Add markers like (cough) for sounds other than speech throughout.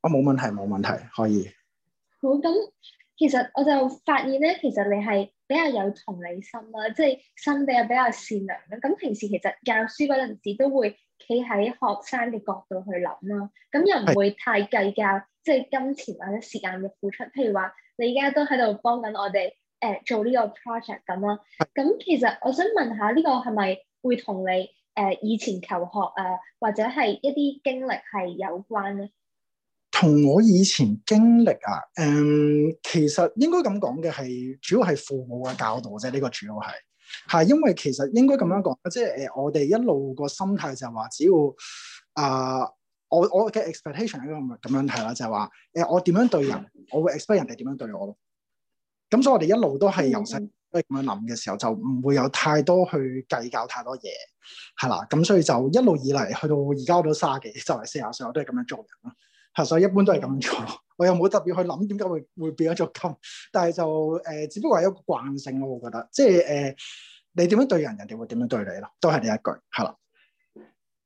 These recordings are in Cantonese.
哦，我冇問題，冇問題，可以。好，咁其實我就發現咧，其實你係比較有同理心啦，即係心地又比較善良啦。咁平時其實教書嗰陣時都會企喺學生嘅角度去諗啦。咁又唔會太計較，即係是金錢或者時間嘅付出。譬如話，你而家都喺度幫緊我哋誒做呢個 project 咁啦。咁其實我想問下是是，呢個係咪會同你誒以前求學啊，或者係一啲經歷係有關咧？同我以前經歷啊，誒、嗯，其實應該咁講嘅係，主要係父母嘅教導啫。呢、這個主要係，係因為其實應該咁樣講，嗯、即係誒、呃，我哋一路個心態就係話，只要啊、呃，我我嘅 expectation 咁樣睇啦，就係話誒，我點樣對人，我會 expect 人哋點樣對我咯。咁所以我哋一路都係由細都係咁樣諗嘅時候，嗯、就唔會有太多去計較太多嘢，係啦。咁所以就一路以嚟，去到而家我都三啊幾，就係、是、四啊歲，我都係咁樣做人啦。係，所以一般都係咁做。我又冇特別去諗點解會會變咗做咁，但係就誒、呃，只不過係一個慣性咯。我覺得，即係誒、呃，你點樣對人，人哋會點樣對你咯。都係呢一句，係啦。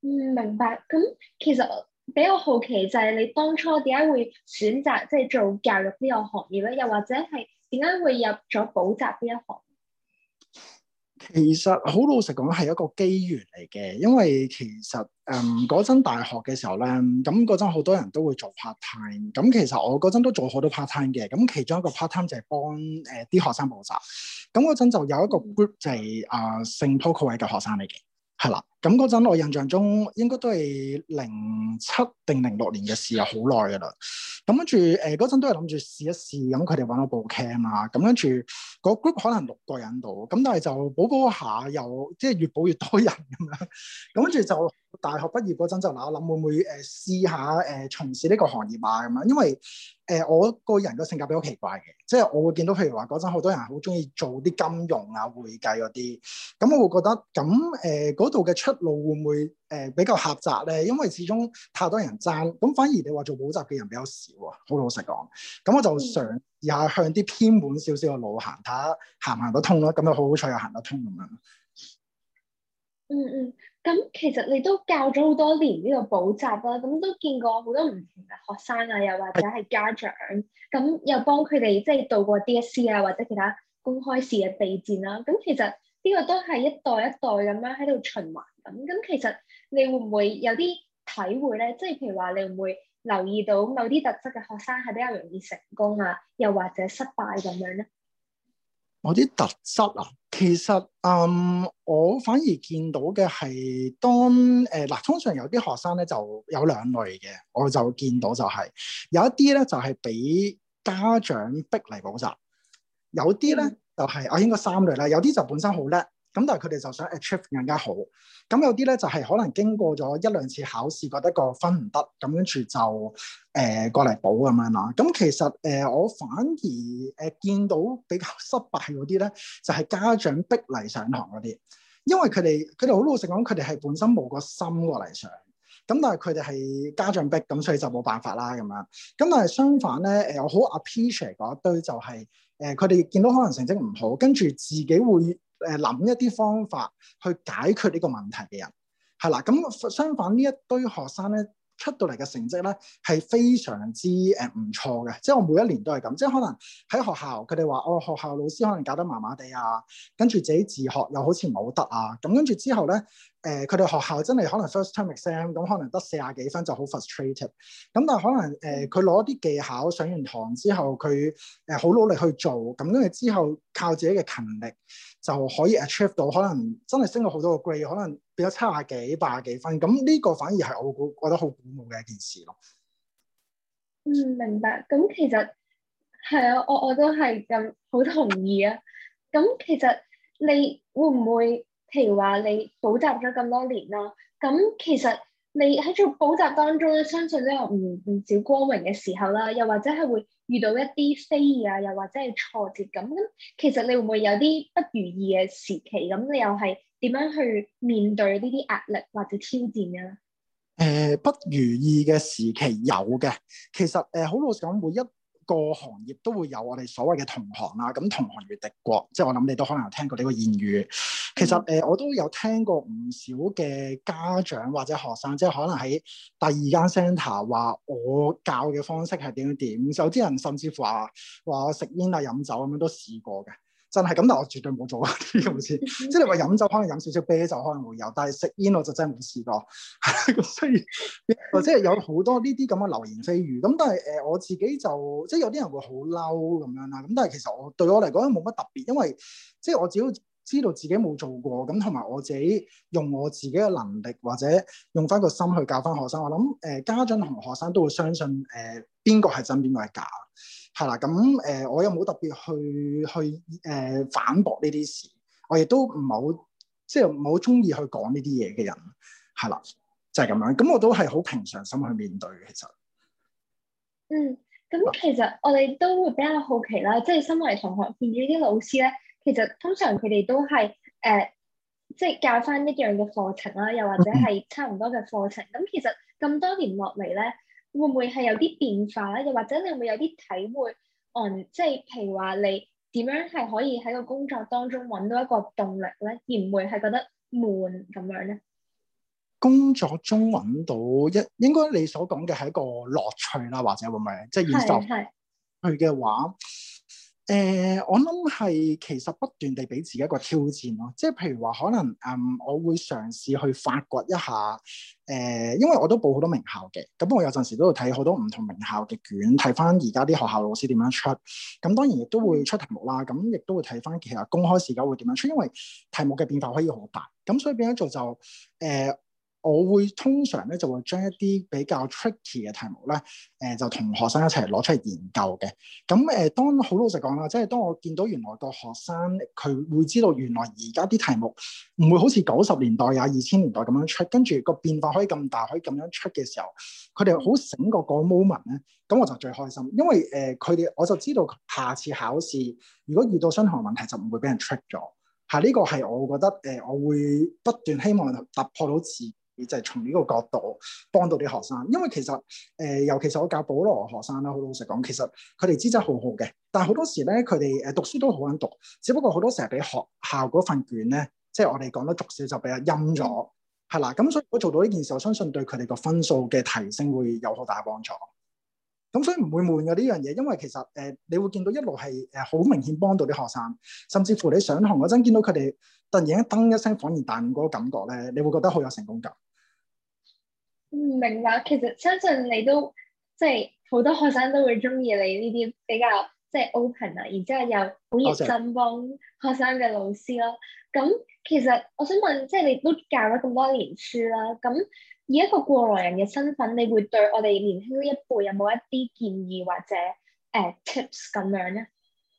嗯，明白。咁其實比較好奇就係你當初點解會選擇即係做教育呢個行業咧？又或者係點解會入咗補習呢一行？其實好老實講係一個機緣嚟嘅，因為其實誒嗰陣大學嘅時候咧，咁嗰陣好多人都會做 part time，咁其實我嗰陣都做好多 part time 嘅，咁其中一個 part time 就係幫誒啲學生補習，咁嗰陣就有一個 group 就係、是、啊聖、呃、保羅六位嘅學生嚟嘅，係啦。咁嗰陣我印象中應該都係零七定零六年嘅事啊，好耐噶啦。咁跟住誒嗰陣都係諗住試一試，咁佢哋揾我補 Chem 啊，咁跟住個 group 可能六個人度，咁但係就補補下又，又即係越補越多人咁樣。咁跟住就大學畢業嗰陣就嗱，我諗會唔會誒試下誒從事呢個行業啊咁樣，因為誒、呃、我個人個性格比較奇怪嘅，即係我會見到譬如話嗰陣好多人好中意做啲金融啊、會計嗰啲，咁我會覺得咁誒嗰度嘅出路會唔會誒比較狹窄咧？因為始終太多人爭，咁反而你話做補習嘅人比較少啊。好老實講，咁我就想而家向啲偏門少少嘅路行，睇下行行得通咯。咁又好好彩又行得通咁樣，嗯。嗯嗯，咁其實你都教咗好多年呢個補習啦，咁都見過好多唔同嘅學生啊，又或者係家長，咁的又幫佢哋即係渡過 DSE 啊或者其他公開試嘅備戰啦。咁其實呢個都係一代一代咁樣喺度循環。咁咁，其實你會唔會有啲體會咧？即係譬如話，你會唔會留意到某啲特質嘅學生係比較容易成功啊，又或者失敗咁樣咧？某啲特質啊，其實誒、嗯，我反而見到嘅係當誒嗱、呃，通常有啲學生咧就有兩類嘅，我就見到就係、是、有一啲咧就係、是、俾家長逼嚟補習，有啲咧、嗯、就係、是、我應該三類啦，有啲就本身好叻。咁但係佢哋就想 Achieve 更加好。咁有啲咧就係、是、可能經過咗一兩次考試，覺得個分唔得，咁跟住就誒、呃、過嚟補咁樣啦。咁、嗯、其實誒、呃、我反而誒、呃、見到比較失敗嗰啲咧，就係、是、家長逼嚟上堂嗰啲，因為佢哋佢哋好老實講，佢哋係本身冇個心過嚟上。咁但係佢哋係家長逼，咁所以就冇辦法啦咁樣。咁但係相反咧，誒我好 Appreciate 嗰一堆就係誒佢哋見到可能成績唔好，跟住自己會，誒諗一啲方法去解決呢個問題嘅人，係啦，咁相反呢一堆學生咧出到嚟嘅成績咧係非常之誒唔錯嘅，即係我每一年都係咁，即係可能喺學校佢哋話哦學校老師可能搞得麻麻地啊，跟住自己自學又好似冇得啊，咁跟住之後咧。誒，佢哋、呃、學校真係可能 first time exam，咁、嗯、可能得四廿幾分就好 frustrated、嗯。咁但係可能誒，佢攞啲技巧上完堂之後，佢誒好努力去做，咁跟住之後靠自己嘅勤力就可以 achieve 到，可能真係升咗好多個 grade，可能變咗七廿幾、八十幾分。咁呢個反而係我估，覺得好鼓舞嘅一件事咯。嗯，明白。咁其實係啊，我我都係咁好同意啊。咁其實你會唔會？譬如話你補習咗咁多年啦，咁其實你喺做補習當中咧，相信都有唔唔少光榮嘅時候啦，又或者係會遇到一啲非議啊，又或者係挫折咁。咁其實你會唔會有啲不如意嘅時期？咁你又係點樣去面對呢啲壓力或者挑戰嘅咧？誒、呃，不如意嘅時期有嘅，其實誒、呃，好老實講，每一個行業都會有我哋所謂嘅同行啊，咁同行如敵國，即係我諗你都可能有聽過呢個諺語。其實誒、嗯呃，我都有聽過唔少嘅家長或者學生，即係可能喺第二間 centre 話我教嘅方式係點樣點，有啲人甚至乎話話我食煙啊飲酒咁樣都試過嘅。真係咁，但我絕對冇做過嗰啲咁嘅事。即係你話飲酒，可能飲少少啤酒可能會有，但係食煙我就真係冇試過。係一個西，即係有好多呢啲咁嘅流言蜚語。咁但係誒，我自己就即係、就是、有啲人會好嬲咁樣啦。咁但係其實我對我嚟講都冇乜特別，因為即係、就是、我只要知道自己冇做過，咁同埋我自己用我自己嘅能力或者用翻個心去教翻學生。我諗誒、呃、家長同學生都會相信誒。呃邊個係真，邊個係假？係啦，咁誒、呃，我又冇特別去去誒、呃、反駁呢啲事，我亦都唔係好，即係唔係好中意去講呢啲嘢嘅人，係啦，就係、是、咁樣。咁我都係好平常心去面對嘅，其實。嗯，咁其實我哋都會比較好奇啦，即、就、係、是、身為同學見住啲老師咧，其實通常佢哋都係誒，即、呃、係、就是、教翻一樣嘅課程啦，又或者係差唔多嘅課程。咁 (laughs) 其實咁多年落嚟咧。會唔會係有啲變化咧？又或者你會,會有啲體會？哦、嗯，即係譬如話你點樣係可以喺個工作當中揾到一個動力咧，而唔會係覺得悶咁樣咧？工作中揾到一，應該你所講嘅係一個樂趣啦，或者會唔會即係現實上去嘅話？誒、呃，我諗係其實不斷地俾自己一個挑戰咯，即係譬如話可能誒、呃，我會嘗試去發掘一下誒、呃，因為我都報好多名校嘅，咁我有陣時都會睇好多唔同名校嘅卷，睇翻而家啲學校老師點樣出，咁當然亦都會出題目啦，咁亦都會睇翻其實公開試而家會點樣出，因為題目嘅變化可以好大，咁所以變咗做就誒。呃我會通常咧就會將一啲比較 tricky 嘅題目咧，誒、呃、就同學生一齊攞出嚟研究嘅。咁誒、呃，當好老實講啦，即係當我見到原來個學生佢會知道原來而家啲題目唔會好似九十年代呀二千年代咁樣出，跟住個變化可以咁大，可以咁樣出嘅時候，佢哋好醒過個 moment 咧，咁我就最開心，因為誒佢哋我就知道下次考試如果遇到相同問題就唔會俾人 trick 咗。係、這、呢個係我覺得誒、呃，我會不斷希望突破到自己。而就係從呢個角度幫到啲學生，因為其實誒、呃，尤其是我教保羅學生啦，好老實講，其實佢哋資質好好嘅，但係好多時咧，佢哋誒讀書都好肯讀，只不過好多時俾學校嗰份卷咧，即係我哋講得讀少就比較陰咗，係啦。咁所以我做到呢件事，我相信對佢哋個分數嘅提升會有好大幫助。咁所以唔會悶嘅呢樣嘢，因為其實誒、呃，你會見到一路係誒好明顯幫到啲學生，甚至乎你上堂嗰陣見到佢哋突然間噔一聲恍然大悟嗰感覺咧，你會覺得好有成功感。唔明白，其實相信你都即係好多學生都會中意你呢啲比較即係 open 啊，然之後又好熱心幫學生嘅老師咯。咁、oh, sir. 其實我想問，即係你都教咗咁多年書啦，咁以一個過來人嘅身份，你會對我哋年輕呢一輩有冇一啲建議或者誒、uh, tips 咁樣咧？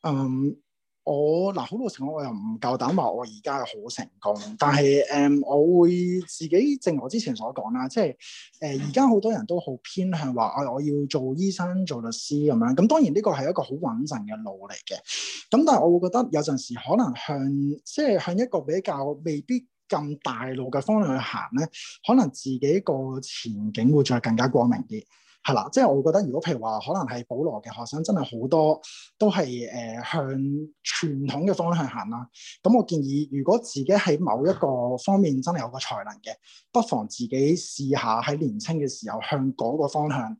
嗯、um。我嗱，好多情況我又唔夠膽話我而家係好成功，但係誒、嗯、我會自己正如我之前所講啦，即係誒而家好多人都好偏向話我、哎、我要做醫生做律師咁樣，咁當然呢個係一個好穩陣嘅路嚟嘅，咁但係我會覺得有陣時可能向即係向一個比較未必咁大路嘅方向去行咧，可能自己個前景會再更加光明啲。係啦，即係我會覺得，如果譬如話，可能係保羅嘅學生，真係好多都係誒、呃、向傳統嘅方向行啦。咁我建議，如果自己喺某一個方面真係有個才能嘅，不妨自己試下喺年青嘅時候向嗰個方向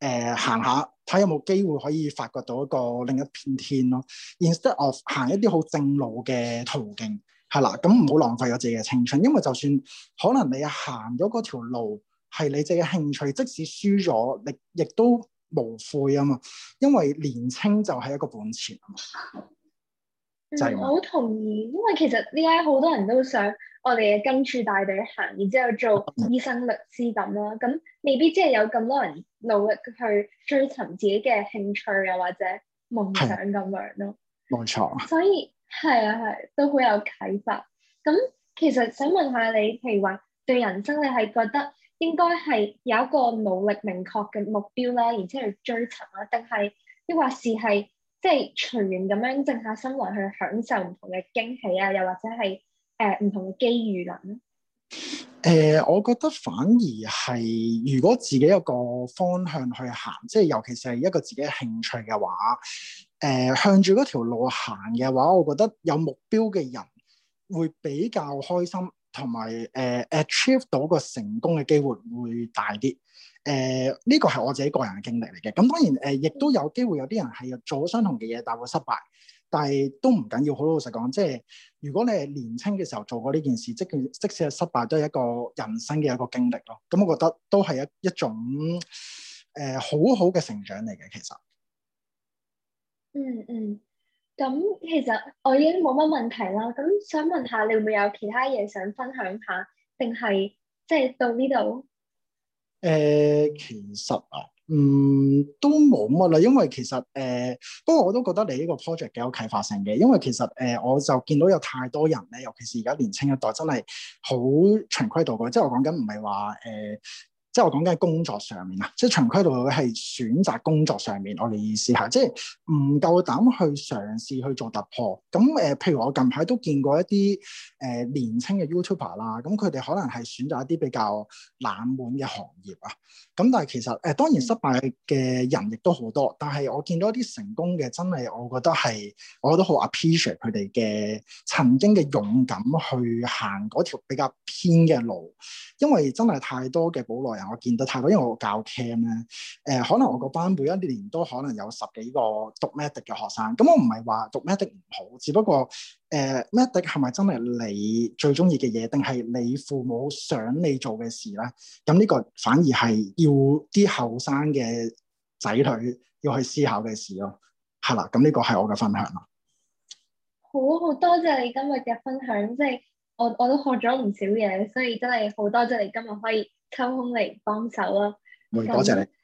誒行、呃、下，睇有冇機會可以發掘到一個另一片天咯。Instead of 行一啲好正路嘅途徑，係啦，咁唔好浪費咗自己嘅青春，因為就算可能你行咗嗰條路。係你自己嘅興趣，即使輸咗，你亦都無悔啊嘛。因為年青就係一個本錢啊嘛。就係、嗯，我好同意，因為其實呢，而家好多人都想我哋嘅跟住大隊行，然之後做醫生、律師咁啦。咁 (laughs) 未必即係有咁多人努力去追尋自己嘅興趣，又或者夢想咁樣咯。冇、啊、錯，所以係啊，係、啊、都好有啟發。咁其實想問下你，譬如話對人生，你係覺得？應該係有一個努力、明確嘅目標啦，然之後去追尋啦，定係抑或是係即係隨緣咁樣靜下心嚟去享受唔同嘅驚喜啊，又或者係誒唔同嘅機遇咁咧？呃。我覺得反而係，如果自己有個方向去行，即係尤其是係一個自己興趣嘅話，誒、呃、向住嗰條路行嘅話，我覺得有目標嘅人會比較開心。同埋誒 achieve 到個成功嘅機會會大啲，誒呢個係我自己個人嘅經歷嚟嘅。咁當然誒，亦、呃、都有機會有啲人係做相同嘅嘢，但會失敗，但係都唔緊要。好老實講，即係如果你係年輕嘅時候做過呢件事，即便即使係失敗都係一個人生嘅一個經歷咯。咁我覺得都係一一種誒、呃、好好嘅成長嚟嘅，其實。嗯嗯。咁其實我已經冇乜問題啦。咁想問下你會唔會有其他嘢想分享下，定係即係到呢度？誒、呃，其實啊，嗯，都冇乜啦。因為其實誒、呃，不過我都覺得你呢個 project 幾有啟發性嘅。因為其實誒、呃，我就見到有太多人咧，尤其是而家年青一代，真係好循規蹈矩。即係我講緊唔係話誒。呃即係我講緊係工作上面啊，即係循規蹈矩係選擇工作上面，我哋意思吓，即係唔夠膽去嘗試去做突破。咁誒、呃，譬如我近排都見過一啲誒、呃、年青嘅 YouTuber 啦，咁佢哋可能係選擇一啲比較冷門嘅行業啊。咁但係其實誒、呃，當然失敗嘅人亦都好多，但係我見到一啲成功嘅，真係我覺得係，我覺得好 appreciate 佢哋嘅曾經嘅勇敢去行嗰條比較偏嘅路，因為真係太多嘅保內人。我見到太多，因為我教 Chem 咧，誒、呃、可能我個班每一年都可能有十幾個讀 Medic 嘅學生，咁我唔係話讀 Medic 唔好，只不過誒 Medic 係咪真係你最鍾意嘅嘢，定係你父母想你做嘅事咧？咁呢個反而係要啲後生嘅仔女要去思考嘅事咯，係啦，咁呢個係我嘅分享咯。好，好多謝你今日嘅分享，即係。我我都學咗唔少嘢，所以真係好多謝你今日可以抽空嚟幫手咯。唔該，多謝你。那 (noise)